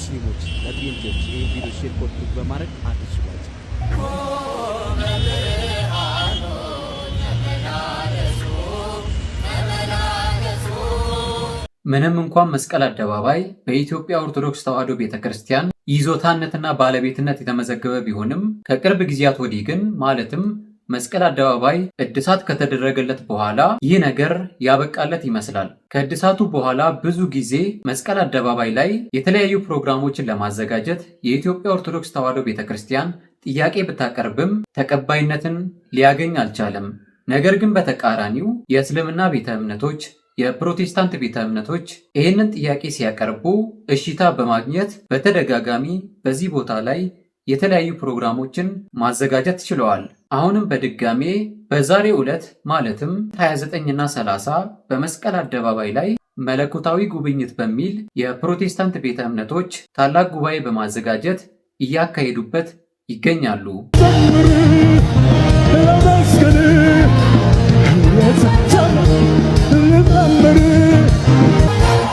ሙስሊሞች ለጥንጆች ይህን ቪዲዮ ሼር ኮፒ በማድረግ አዲስ ምንም እንኳን መስቀል አደባባይ በኢትዮጵያ ኦርቶዶክስ ተዋሕዶ ቤተ ክርስቲያን ይዞታነትና ባለቤትነት የተመዘገበ ቢሆንም ከቅርብ ጊዜያት ወዲህ ግን ማለትም መስቀል አደባባይ እድሳት ከተደረገለት በኋላ ይህ ነገር ያበቃለት ይመስላል። ከእድሳቱ በኋላ ብዙ ጊዜ መስቀል አደባባይ ላይ የተለያዩ ፕሮግራሞችን ለማዘጋጀት የኢትዮጵያ ኦርቶዶክስ ተዋሕዶ ቤተ ክርስቲያን ጥያቄ ብታቀርብም ተቀባይነትን ሊያገኝ አልቻለም። ነገር ግን በተቃራኒው የእስልምና ቤተ እምነቶች የፕሮቴስታንት ቤተ እምነቶች ይህንን ጥያቄ ሲያቀርቡ እሽታ በማግኘት በተደጋጋሚ በዚህ ቦታ ላይ የተለያዩ ፕሮግራሞችን ማዘጋጀት ችለዋል። አሁንም በድጋሜ በዛሬ ዕለት ማለትም 29ና 30 በመስቀል አደባባይ ላይ መለኮታዊ ጉብኝት በሚል የፕሮቴስታንት ቤተ እምነቶች ታላቅ ጉባኤ በማዘጋጀት እያካሄዱበት ይገኛሉ።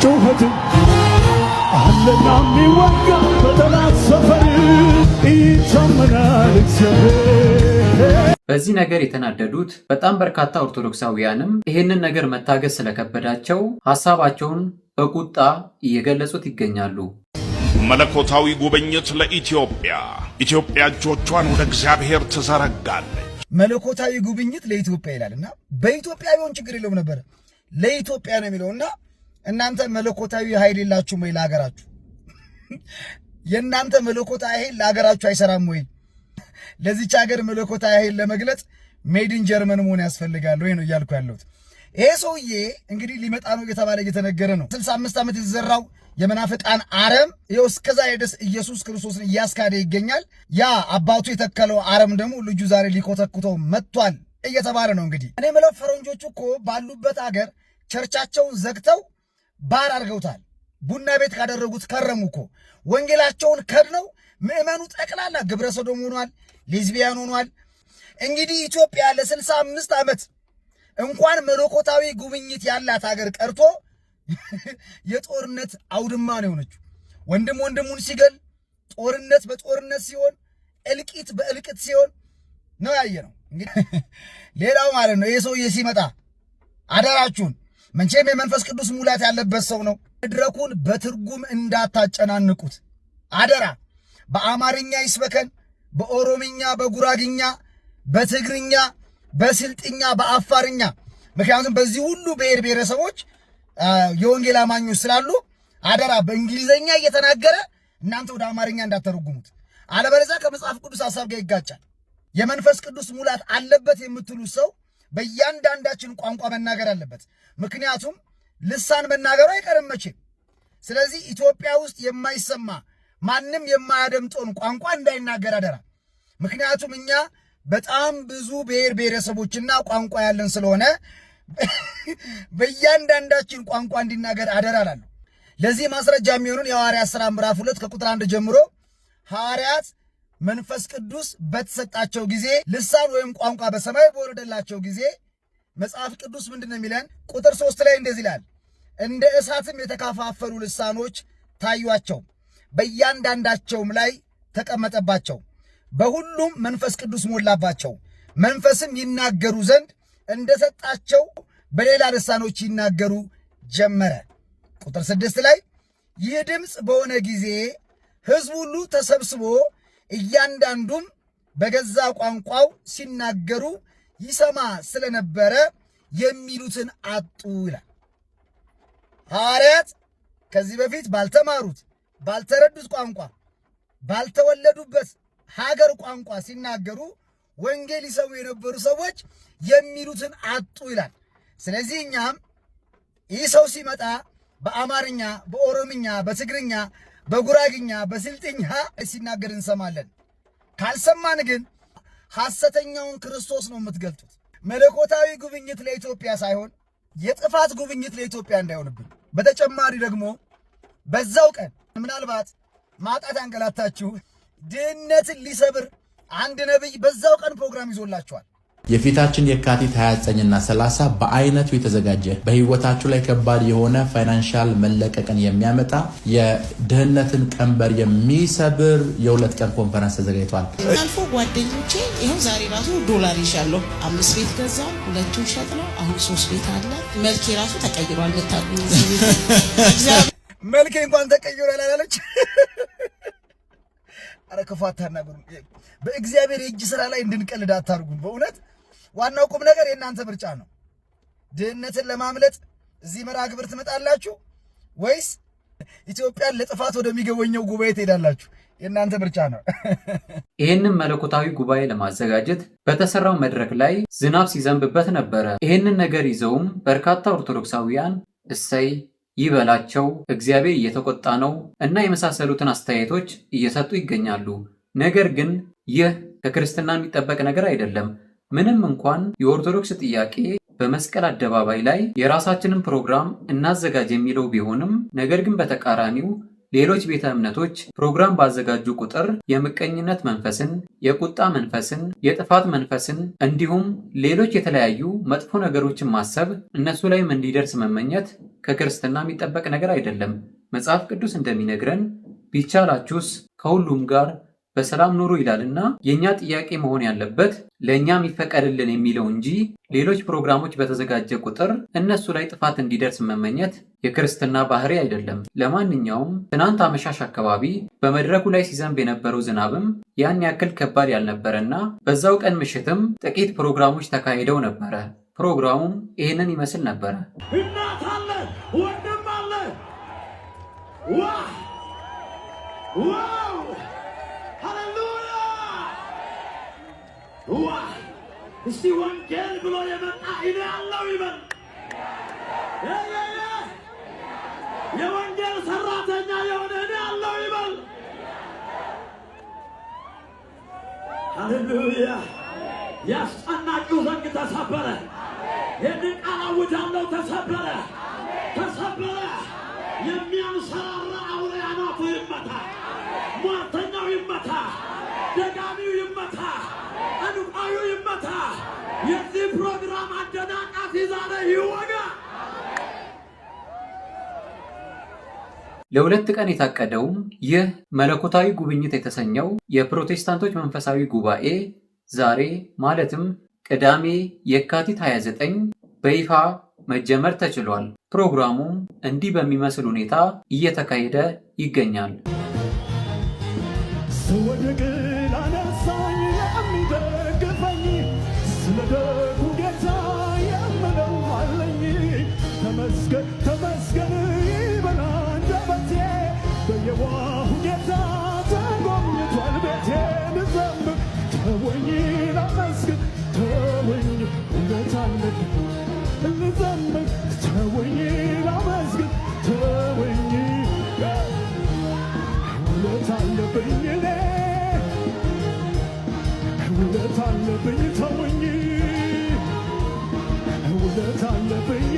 ጩኸት አለና የሚወጋ በዚህ ነገር የተናደዱት በጣም በርካታ ኦርቶዶክሳውያንም ይህንን ነገር መታገስ ስለከበዳቸው ሀሳባቸውን በቁጣ እየገለጹት ይገኛሉ። መለኮታዊ ጉብኝት ለኢትዮጵያ። ኢትዮጵያ እጆቿን ወደ እግዚአብሔር ትዘረጋለች። መለኮታዊ ጉብኝት ለኢትዮጵያ ይላል እና በኢትዮጵያ ቢሆን ችግር የለውም ነበር። ለኢትዮጵያ ነው የሚለው እና እናንተ መለኮታዊ ኃይል የላችሁም ወይ? ለሀገራችሁ የእናንተ መለኮታዊ ኃይል ለሀገራችሁ አይሰራም ወይ? ለዚች ሀገር መለኮታ ኃይል ለመግለጽ ሜድን ጀርመን መሆን ያስፈልጋል ወይ ነው እያልኩ ያለሁት። ይሄ ሰውዬ እንግዲህ ሊመጣ ነው እየተባለ እየተነገረ ነው። 65 ዓመት የተዘራው የመናፍቃን አረም ይኸው እስከዛሬ ድረስ ኢየሱስ ክርስቶስን እያስካደ ይገኛል። ያ አባቱ የተከለው አረም ደግሞ ልጁ ዛሬ ሊኮተኩተው መጥቷል እየተባለ ነው። እንግዲህ እኔ የምለው ፈረንጆቹ እኮ ባሉበት ሀገር ቸርቻቸውን ዘግተው ባር አድርገውታል። ቡና ቤት ካደረጉት ከረሙ እኮ ወንጌላቸውን ከድነው ምዕመኑ ጠቅላላ ግብረ ሰዶም ሆኗል፣ ሌዝቢያን ሆኗል። እንግዲህ ኢትዮጵያ ለስልሳ አምስት ዓመት እንኳን መለኮታዊ ጉብኝት ያላት ሀገር ቀርቶ የጦርነት አውድማ ነው የሆነችው። ወንድም ወንድሙን ሲገል፣ ጦርነት በጦርነት ሲሆን፣ እልቂት በእልቂት ሲሆን ነው ያየ ነው። ሌላው ማለት ነው ይህ ሰውዬ ሲመጣ አደራችሁን መንቼም የመንፈስ ቅዱስ ሙላት ያለበት ሰው ነው። መድረኩን በትርጉም እንዳታጨናንቁት አደራ። በአማርኛ ይስበከን፣ በኦሮምኛ፣ በጉራግኛ፣ በትግርኛ፣ በስልጥኛ፣ በአፋርኛ። ምክንያቱም በዚህ ሁሉ ብሔር ብሔረሰቦች የወንጌል አማኞች ስላሉ አደራ በእንግሊዝኛ እየተናገረ እናንተ ወደ አማርኛ እንዳተረጉሙት፣ አለበለዚያ ከመጽሐፍ ቅዱስ ሀሳብ ጋር ይጋጫል። የመንፈስ ቅዱስ ሙላት አለበት የምትሉ ሰው በእያንዳንዳችን ቋንቋ መናገር አለበት። ምክንያቱም ልሳን መናገሩ አይቀርም መቼም። ስለዚህ ኢትዮጵያ ውስጥ የማይሰማ ማንም የማያደምጠውን ቋንቋ እንዳይናገር አደራ። ምክንያቱም እኛ በጣም ብዙ ብሔር ብሔረሰቦችና ቋንቋ ያለን ስለሆነ በእያንዳንዳችን ቋንቋ እንዲናገር አደራ እላለሁ። ለዚህ ማስረጃ የሚሆኑን የሐዋርያት ሥራ ምዕራፍ ሁለት ከቁጥር አንድ ጀምሮ ሐዋርያት መንፈስ ቅዱስ በተሰጣቸው ጊዜ ልሳን ወይም ቋንቋ በሰማይ በወረደላቸው ጊዜ መጽሐፍ ቅዱስ ምንድን ነው የሚለን? ቁጥር ሶስት ላይ እንደዚህ ይላል፣ እንደ እሳትም የተካፋፈሉ ልሳኖች ታዩአቸው በእያንዳንዳቸውም ላይ ተቀመጠባቸው። በሁሉም መንፈስ ቅዱስ ሞላባቸው፣ መንፈስም ይናገሩ ዘንድ እንደሰጣቸው በሌላ ልሳኖች ይናገሩ ጀመረ። ቁጥር ስድስት ላይ ይህ ድምፅ በሆነ ጊዜ ሕዝብ ሁሉ ተሰብስቦ እያንዳንዱም በገዛ ቋንቋው ሲናገሩ ይሰማ ስለነበረ የሚሉትን አጡ ይላል። ሐዋርያት ከዚህ በፊት ባልተማሩት ባልተረዱት ቋንቋ ባልተወለዱበት ሀገር ቋንቋ ሲናገሩ ወንጌል ይሰሙ የነበሩ ሰዎች የሚሉትን አጡ ይላል። ስለዚህ እኛም ይህ ሰው ሲመጣ በአማርኛ፣ በኦሮምኛ፣ በትግርኛ፣ በጉራግኛ፣ በስልጥኛ ሲናገር እንሰማለን። ካልሰማን ግን ሐሰተኛውን ክርስቶስ ነው የምትገልጡት። መለኮታዊ ጉብኝት ለኢትዮጵያ ሳይሆን የጥፋት ጉብኝት ለኢትዮጵያ እንዳይሆንብን። በተጨማሪ ደግሞ በዛው ቀን ምናልባት ማጣት አንገላታችሁ ድህነትን ሊሰብር አንድ ነቢይ በዛው ቀን ፕሮግራም ይዞላችኋል። የፊታችን የካቲት 29 እና 30 በአይነቱ የተዘጋጀ በህይወታችሁ ላይ ከባድ የሆነ ፋይናንሻል መለቀቅን የሚያመጣ የድህነትን ቀንበር የሚሰብር የሁለት ቀን ኮንፈረንስ ተዘጋጅቷል። እናልፎ ጓደኞቼ ይኸው ዛሬ ራሱ ዶላር ይሻለሁ አምስት ቤት ገዛ ሁለቱ ሸጥ ነው አሁን ሶስት ቤት አለ። መልኬ ራሱ ተቀይሯል። መልኬ እንኳን ተቀይሯል አላለች። አረ ክፉ አታናግሩን። በእግዚአብሔር የእጅ ስራ ላይ እንድንቀልድ አታርጉን። በእውነት ዋናው ቁም ነገር የእናንተ ምርጫ ነው። ድህነትን ለማምለጥ እዚህ መርሃ ግብር ትመጣላችሁ ወይስ ኢትዮጵያን ለጥፋት ወደሚገበኘው ጉባኤ ትሄዳላችሁ? የእናንተ ምርጫ ነው። ይህንን መለኮታዊ ጉባኤ ለማዘጋጀት በተሰራው መድረክ ላይ ዝናብ ሲዘንብበት ነበረ። ይህንን ነገር ይዘውም በርካታ ኦርቶዶክሳውያን እሰይ ይበላቸው እግዚአብሔር እየተቆጣ ነው እና የመሳሰሉትን አስተያየቶች እየሰጡ ይገኛሉ። ነገር ግን ይህ ከክርስትና የሚጠበቅ ነገር አይደለም። ምንም እንኳን የኦርቶዶክስ ጥያቄ በመስቀል አደባባይ ላይ የራሳችንን ፕሮግራም እናዘጋጅ የሚለው ቢሆንም ነገር ግን በተቃራኒው ሌሎች ቤተ እምነቶች ፕሮግራም ባዘጋጁ ቁጥር የምቀኝነት መንፈስን፣ የቁጣ መንፈስን፣ የጥፋት መንፈስን እንዲሁም ሌሎች የተለያዩ መጥፎ ነገሮችን ማሰብ እነሱ ላይም እንዲደርስ መመኘት ከክርስትና የሚጠበቅ ነገር አይደለም። መጽሐፍ ቅዱስ እንደሚነግረን ቢቻላችሁስ ከሁሉም ጋር በሰላም ኑሩ ይላልና የእኛ ጥያቄ መሆን ያለበት ለእኛ የሚፈቀድልን የሚለው እንጂ ሌሎች ፕሮግራሞች በተዘጋጀ ቁጥር እነሱ ላይ ጥፋት እንዲደርስ መመኘት የክርስትና ባህሪ አይደለም። ለማንኛውም ትናንት አመሻሽ አካባቢ በመድረኩ ላይ ሲዘንብ የነበረው ዝናብም ያን ያክል ከባድ ያልነበረና በዛው ቀን ምሽትም ጥቂት ፕሮግራሞች ተካሂደው ነበረ። ፕሮግራሙም ይህንን ይመስል ነበረ። እናት አለ፣ ወንድም አለ። ሃሌሉያ! እስቲ ወንጌል ብሎ የመጣ እኔ ያለው ይበል። የወንጌል ሰራተኛ የሆነ እኔ ያለው ይበል። ሃሌሉያ! ያስጠናችሁ ዘንግ ተሰበረ። ይህንን ቃል አውጃለሁ። ተሰበረ፣ ተሰበረ። የሚያንሰራራ አውሬ አናቱ ይመታ፣ ሟርተኛው ይመታ፣ ደጋሚው ይመታ፣ እንቋዩ ይመታ። የዚህ ፕሮግራም አደናቃፊ ዛሬ ይወጋ። ለሁለት ቀን የታቀደውም ይህ መለኮታዊ ጉብኝት የተሰኘው የፕሮቴስታንቶች መንፈሳዊ ጉባኤ ዛሬ ማለትም ቅዳሜ የካቲት 29 በይፋ መጀመር ተችሏል። ፕሮግራሙም እንዲህ በሚመስል ሁኔታ እየተካሄደ ይገኛል። ውለት አለብኝ ተወኝ ውለት አለብኝ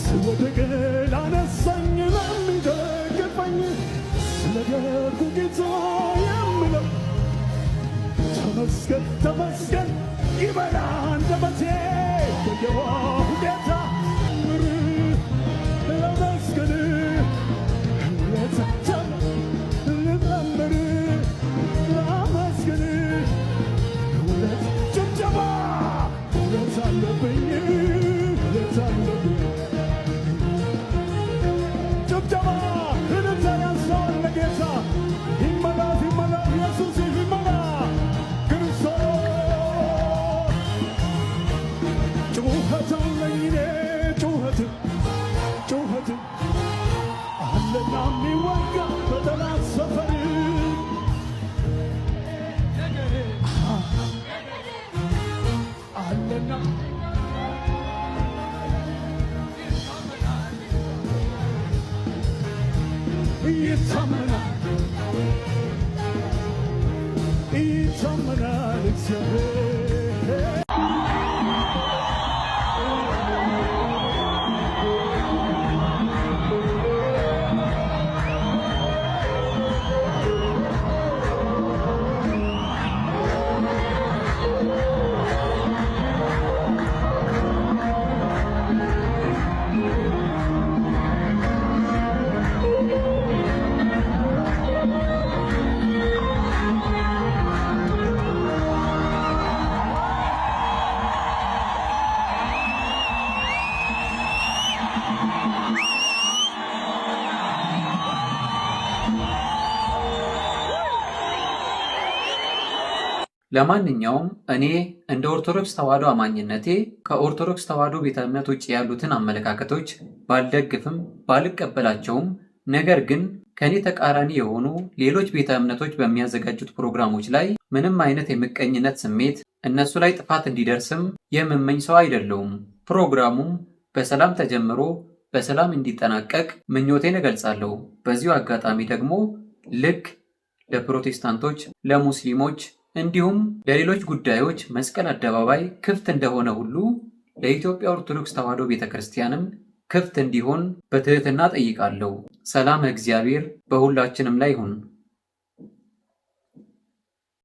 ስወደቅል አነሳኝ ለሚደግፈኝ ስለደጉ ጌታ የምለው ተመስገን ተመስገን ይበላ አንደበቴ ለማንኛውም እኔ እንደ ኦርቶዶክስ ተዋሕዶ አማኝነቴ ከኦርቶዶክስ ተዋሕዶ ቤተ እምነት ውጭ ያሉትን አመለካከቶች ባልደግፍም ባልቀበላቸውም፣ ነገር ግን ከእኔ ተቃራኒ የሆኑ ሌሎች ቤተ እምነቶች በሚያዘጋጁት ፕሮግራሞች ላይ ምንም አይነት የምቀኝነት ስሜት እነሱ ላይ ጥፋት እንዲደርስም የምመኝ ሰው አይደለውም። ፕሮግራሙም በሰላም ተጀምሮ በሰላም እንዲጠናቀቅ ምኞቴን እገልጻለሁ። በዚሁ አጋጣሚ ደግሞ ልክ ለፕሮቴስታንቶች፣ ለሙስሊሞች እንዲሁም ለሌሎች ጉዳዮች መስቀል አደባባይ ክፍት እንደሆነ ሁሉ ለኢትዮጵያ ኦርቶዶክስ ተዋሕዶ ቤተ ክርስቲያንም ክፍት እንዲሆን በትሕትና ጠይቃለሁ። ሰላም እግዚአብሔር በሁላችንም ላይ ይሁን።